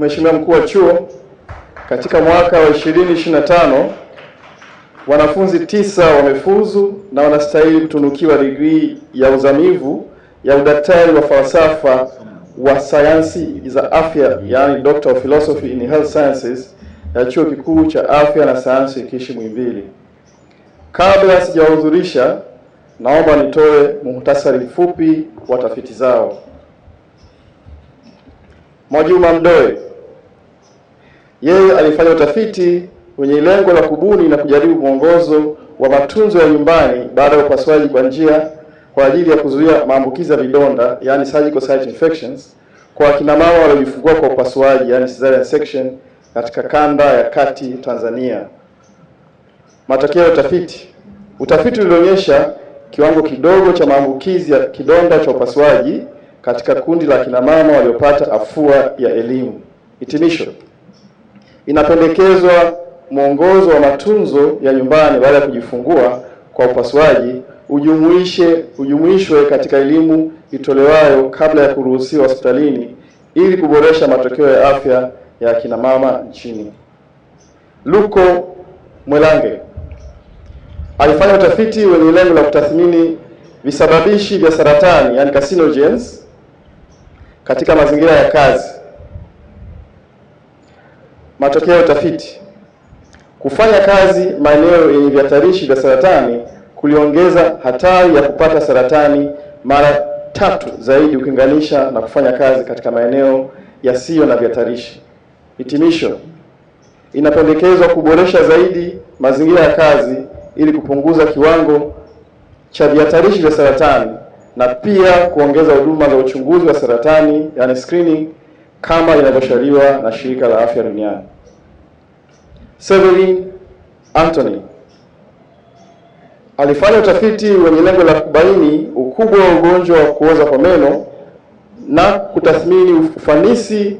Mheshimiwa mkuu wa chuo, katika mwaka wa 2025 wanafunzi tisa wamefuzu na wanastahili kutunukiwa digrii ya uzamivu ya udaktari wa falsafa wa sayansi za afya, yani Doctor of Philosophy in Health Sciences ya chuo kikuu cha afya na sayansi Kishi Muhimbili. Kabla sijawahudhurisha, naomba nitoe muhtasari mfupi wa tafiti zao. Mwajuma Mdoe yeye alifanya utafiti wenye lengo la kubuni na kujaribu mwongozo wa matunzo ya nyumbani baada ya upasuaji kwa njia kwa ajili ya kuzuia maambukizi ya vidonda, yani surgical site infections kwa akina mama waliojifungua kwa upasuaji, yani cesarean section katika kanda ya kati Tanzania. Matokeo ya utafiti. Utafiti ulionyesha kiwango kidogo cha maambukizi ya kidonda cha upasuaji katika kundi la akina mama waliopata afua ya elimu. Hitimisho inapendekezwa mwongozo wa matunzo ya nyumbani baada ya kujifungua kwa upasuaji ujumuishe ujumuishwe katika elimu itolewayo kabla ya kuruhusiwa hospitalini ili kuboresha matokeo ya afya ya kina mama nchini. Luko Mwelange alifanya utafiti wenye lengo la kutathmini visababishi vya saratani yani carcinogens katika mazingira ya kazi Matokeo ya utafiti: kufanya kazi maeneo yenye vihatarishi vya saratani kuliongeza hatari ya kupata saratani mara tatu zaidi ukilinganisha na kufanya kazi katika maeneo yasiyo na vihatarishi. Hitimisho, inapendekezwa kuboresha zaidi mazingira ya kazi ili kupunguza kiwango cha vihatarishi vya saratani na pia kuongeza huduma za uchunguzi wa saratani, yani screening kama inavyoshauriwa na shirika la afya duniani. Severin Anthony alifanya utafiti wenye lengo la kubaini ukubwa wa ugonjwa wa kuoza kwa meno na kutathmini ufanisi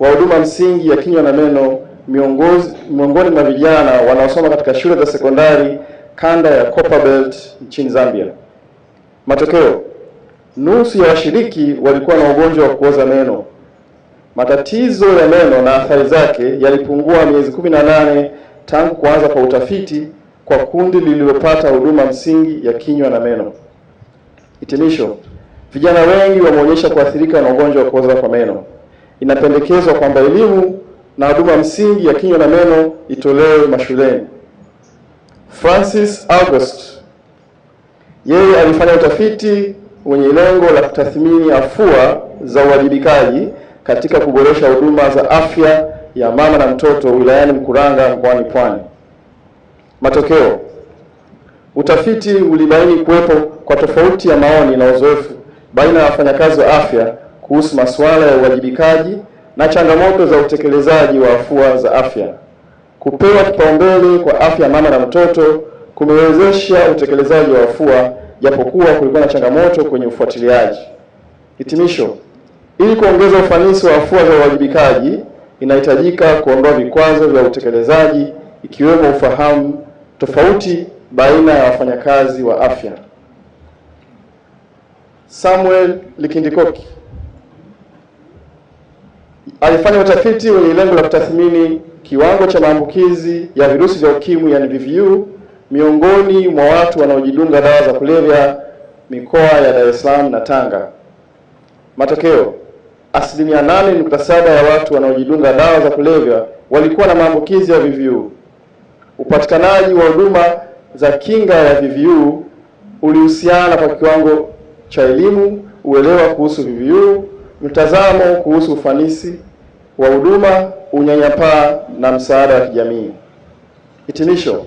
wa huduma msingi ya kinywa na meno miongozi, miongoni mwa vijana wanaosoma katika shule za sekondari kanda ya Belt nchini Zambia. Matokeo, nusu ya washiriki walikuwa na ugonjwa wa kuoza meno Matatizo ya meno na athari zake yalipungua miezi 18 tangu kuanza kwa utafiti kwa kundi lililopata huduma msingi ya kinywa na meno. Hitimisho, vijana wengi wameonyesha kuathirika na ugonjwa wa kuoza kwa meno. Inapendekezwa kwamba elimu na huduma msingi ya kinywa na meno itolewe mashuleni. Francis August yeye alifanya utafiti wenye lengo la kutathmini afua za uwajibikaji katika kuboresha huduma za afya ya mama na mtoto wilayani Mkuranga mkoani Pwani. Matokeo, utafiti ulibaini kuwepo kwa tofauti ya maoni na uzoefu baina ya wafanyakazi wa afya kuhusu masuala ya uwajibikaji na changamoto za utekelezaji wa afua za afya. Kupewa kipaumbele kwa afya ya mama na mtoto kumewezesha utekelezaji wa afua, japokuwa kulikuwa na changamoto kwenye ufuatiliaji. Hitimisho. Ili kuongeza ufanisi wa afua za uwajibikaji, inahitajika kuondoa vikwazo vya utekelezaji, ikiwemo ufahamu tofauti baina ya wafanyakazi wa afya. Samuel Likindikoki alifanya utafiti wenye lengo la kutathmini kiwango cha maambukizi ya virusi vya ukimwi yaani VVU miongoni mwa watu wanaojidunga dawa za kulevya mikoa ya Dar es Salaam na Tanga. Matokeo, asilimia 8.7 ya watu wanaojidunga dawa za kulevya walikuwa na maambukizi ya VVU. Upatikanaji wa huduma za kinga ya VVU ulihusiana kwa kiwango cha elimu, uelewa kuhusu VVU, mtazamo kuhusu ufanisi wa huduma, unyanyapaa na msaada wa kijamii. Hitimisho,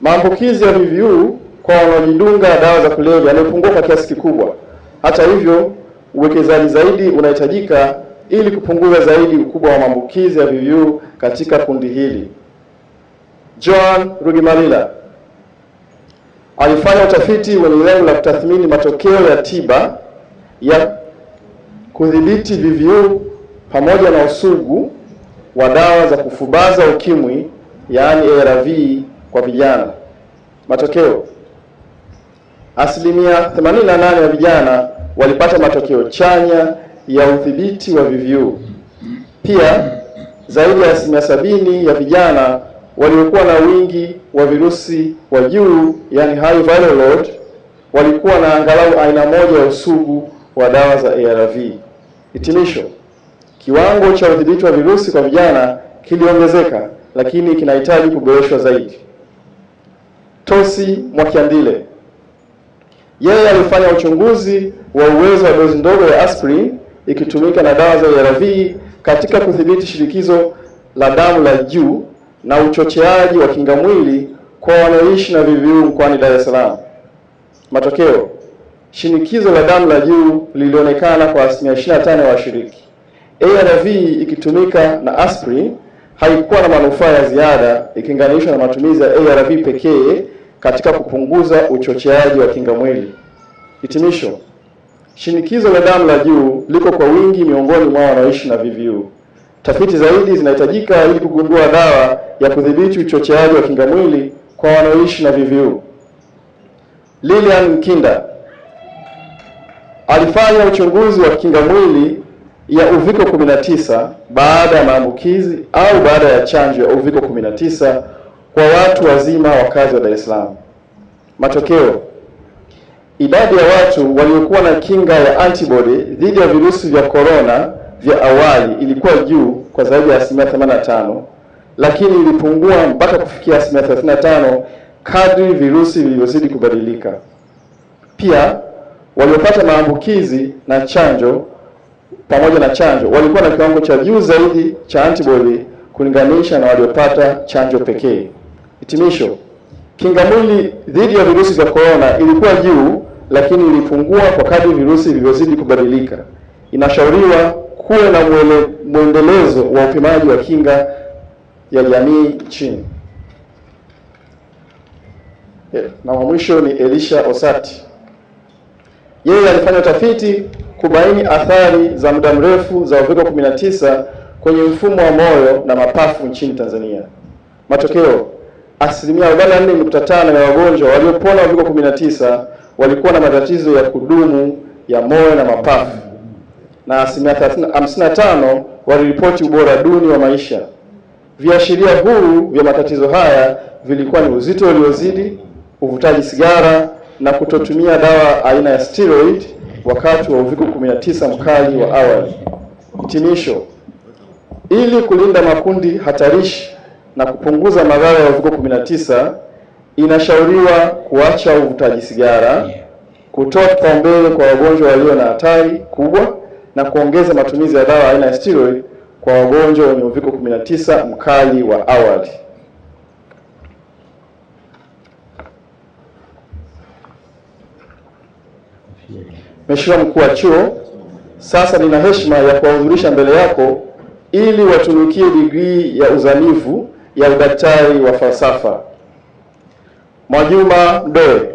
maambukizi ya VVU kwa wanaojidunga dawa za kulevya yamepungua kwa kiasi kikubwa. Hata hivyo uwekezaji zaidi unahitajika ili kupunguza zaidi ukubwa wa maambukizi ya VVU katika kundi hili. John Rugimalila alifanya utafiti wenye lengo la kutathmini matokeo ya tiba ya kudhibiti VVU pamoja na usugu wa dawa za kufubaza ukimwi yaani ARV kwa vijana. Matokeo, asilimia 88 ya vijana walipata matokeo chanya ya udhibiti wa VVU. Pia zaidi ya asilimia sabini ya vijana waliokuwa na wingi wa virusi wa juu, yani high viral load, walikuwa na angalau aina moja ya usugu wa dawa za ARV. Hitimisho, kiwango cha udhibiti wa virusi kwa vijana kiliongezeka, lakini kinahitaji kuboreshwa zaidi. Tosi Mwakiandile yeye alifanya uchunguzi wa uwezo wa dozi ndogo ya aspirin ikitumika na dawa za ARV katika kudhibiti shinikizo la damu la juu na uchocheaji wa kinga mwili kwa wanaoishi na VVU mkoani Dar es Salaam. Matokeo, shinikizo la damu la juu lilionekana kwa asilimia 25 ya washiriki. ARV ikitumika na aspirin haikuwa na manufaa ya ziada ikilinganishwa na matumizi ya ARV pekee katika kupunguza uchocheaji wa kinga mwili. Hitimisho. Shinikizo la damu la juu liko kwa wingi miongoni mwa wanaoishi na VVU. Tafiti zaidi zinahitajika ili kugundua dawa ya kudhibiti uchocheaji wa kingamwili kwa wanaoishi na VVU. Lilian Mkinda alifanya uchunguzi wa kingamwili ya uviko 19 baada ya maambukizi au baada ya chanjo ya uviko 19 kwa watu wazima wakazi wa Dar es Salaam. Matokeo idadi ya watu waliokuwa na kinga ya antibody dhidi ya virusi vya korona vya awali ilikuwa juu kwa zaidi ya asilimia 85 lakini ilipungua mpaka kufikia asilimia 35 kadri virusi vilivyozidi kubadilika. Pia waliopata maambukizi na chanjo pamoja na chanjo walikuwa na kiwango cha juu zaidi cha antibody kulinganisha na waliopata chanjo pekee. Hitimisho, kinga mwili dhidi ya virusi vya korona ilikuwa juu lakini ilipungua kwa kadri virusi vilivyozidi kubadilika. Inashauriwa kuwe na mwele, mwendelezo wa upimaji wa kinga ya jamii nchini. Eh, na wa mwisho ni Elisha Osati, yeye alifanya utafiti kubaini athari za muda mrefu za uviko 19 kwenye mfumo wa moyo na mapafu nchini Tanzania. Matokeo, asilimia 44.5 ya wagonjwa waliopona uviko 19 walikuwa na matatizo ya kudumu ya moyo na mapafu, na asilimia 55 waliripoti ubora duni wa maisha. Viashiria huru vya matatizo haya vilikuwa ni uzito uliozidi, uvutaji sigara na kutotumia dawa aina ya steroid wakati wa uviko 19 mkali wa awali. Hitimisho, ili kulinda makundi hatarishi na kupunguza madhara ya uviko 19 inashauriwa kuacha uvutaji sigara, kutoa kipaumbele kwa wagonjwa walio na hatari kubwa na kuongeza matumizi ya dawa aina ya steroid kwa wagonjwa wenye uviko 19 mkali wa awali. Mheshimiwa mkuu wa chuo, sasa nina heshima ya kuwahudhurisha mbele yako ili watunukie digrii ya uzamivu ya udaktari wa falsafa. Mwajuma Mdoe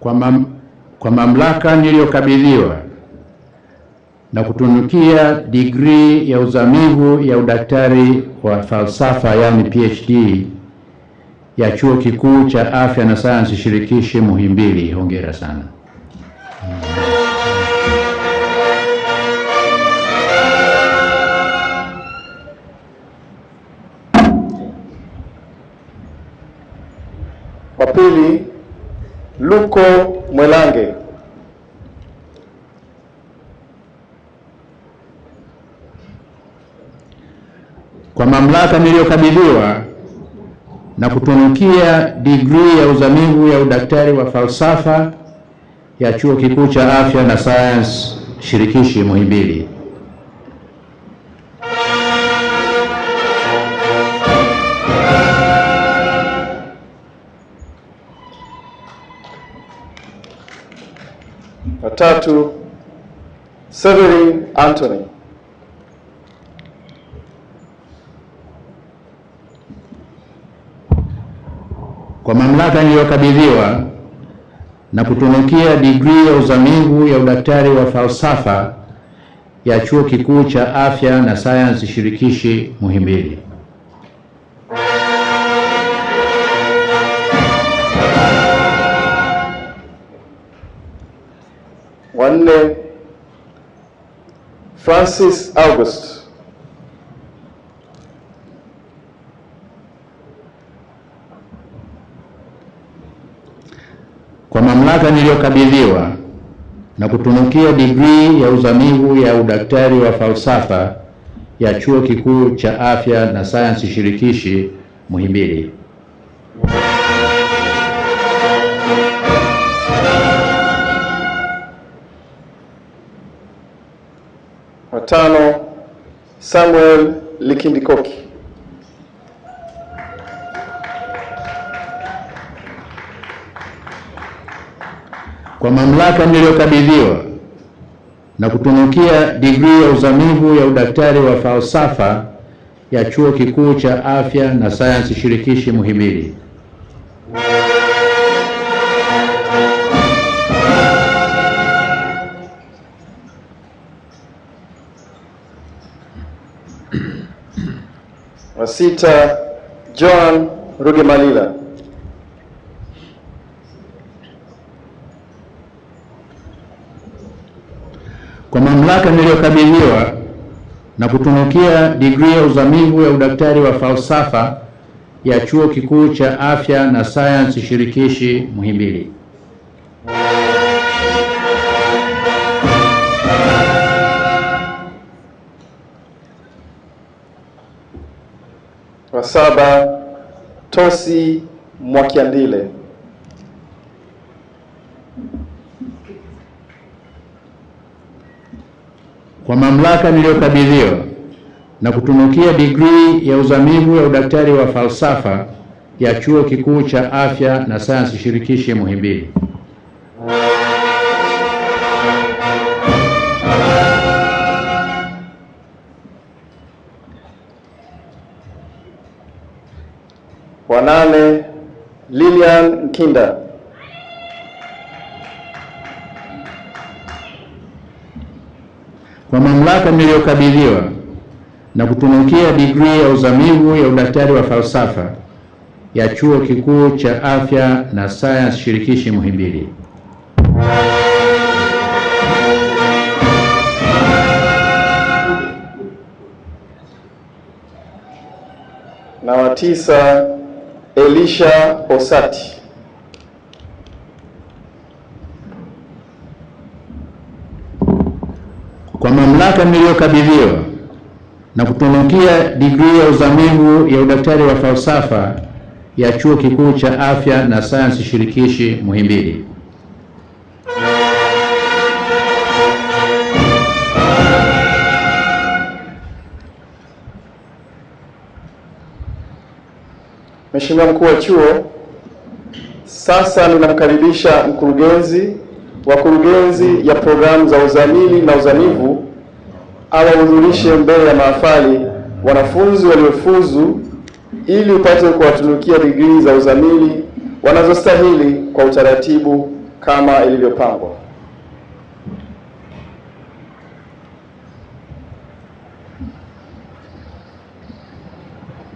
Kwa, mam, kwa mamlaka niliyokabidhiwa na kutunukia digrii ya uzamivu ya udaktari wa falsafa yani PhD ya Chuo Kikuu cha Afya na Sayansi Shirikishi Muhimbili. Hongera sana. Wa pili Luko Mwelange. Kwa mamlaka niliyokabidhiwa na kutunukia digrii ya uzamivu ya udaktari wa falsafa ya Chuo Kikuu cha Afya na Sayansi Shirikishi Muhimbili. tatu Severin Anthony. Kwa mamlaka niliyokabidhiwa na kutunukia digrii ya uzamivu ya udaktari wa falsafa ya Chuo Kikuu cha Afya na Sayansi Shirikishi Muhimbili. Wanne, Francis August kwa mamlaka niliyokabidhiwa na kutunukia digrii ya uzamivu ya udaktari wa falsafa ya Chuo Kikuu cha Afya na Sayansi Shirikishi Muhimbili. tano Samuel Likindikoki. Kwa mamlaka niliyokabidhiwa na kutunukia digrii ya uzamivu ya udaktari wa falsafa ya Chuo Kikuu cha Afya na Sayansi Shirikishi Muhimbili. wa sita John Malila. kwa mamlaka niliyokabidhiwa na kutunukia digrii ya uzamivu ya udaktari wa falsafa ya Chuo Kikuu cha Afya na Sayansi Shirikishi Muhimbili. saba Tosi mwakiandile Kwa mamlaka niliyokabidhiwa na kutunukia digrii ya uzamivu ya udaktari wa falsafa ya Chuo Kikuu cha Afya na Sayansi Shirikishi Muhimbili. wa nane Lilian Nkinda kwa mamlaka niliyokabidhiwa na kutunukia digrii ya uzamivu ya udaktari wa falsafa ya Chuo Kikuu cha Afya na Sayansi Shirikishi Muhimbili. Na watisa Elisha Osati kwa mamlaka niliyokabidhiwa na kutunukia digrii ya uzamivu ya udaktari wa falsafa ya Chuo Kikuu cha Afya na Sayansi Shirikishi Muhimbili. Mheshimiwa mkuu wa chuo, sasa ninamkaribisha mkurugenzi wa kurugenzi ya programu za uzamili na uzamivu awahudhurishe mbele ya mahafali wanafunzi waliofuzu ili upate kuwatunukia digrii za uzamili wanazostahili kwa utaratibu kama ilivyopangwa.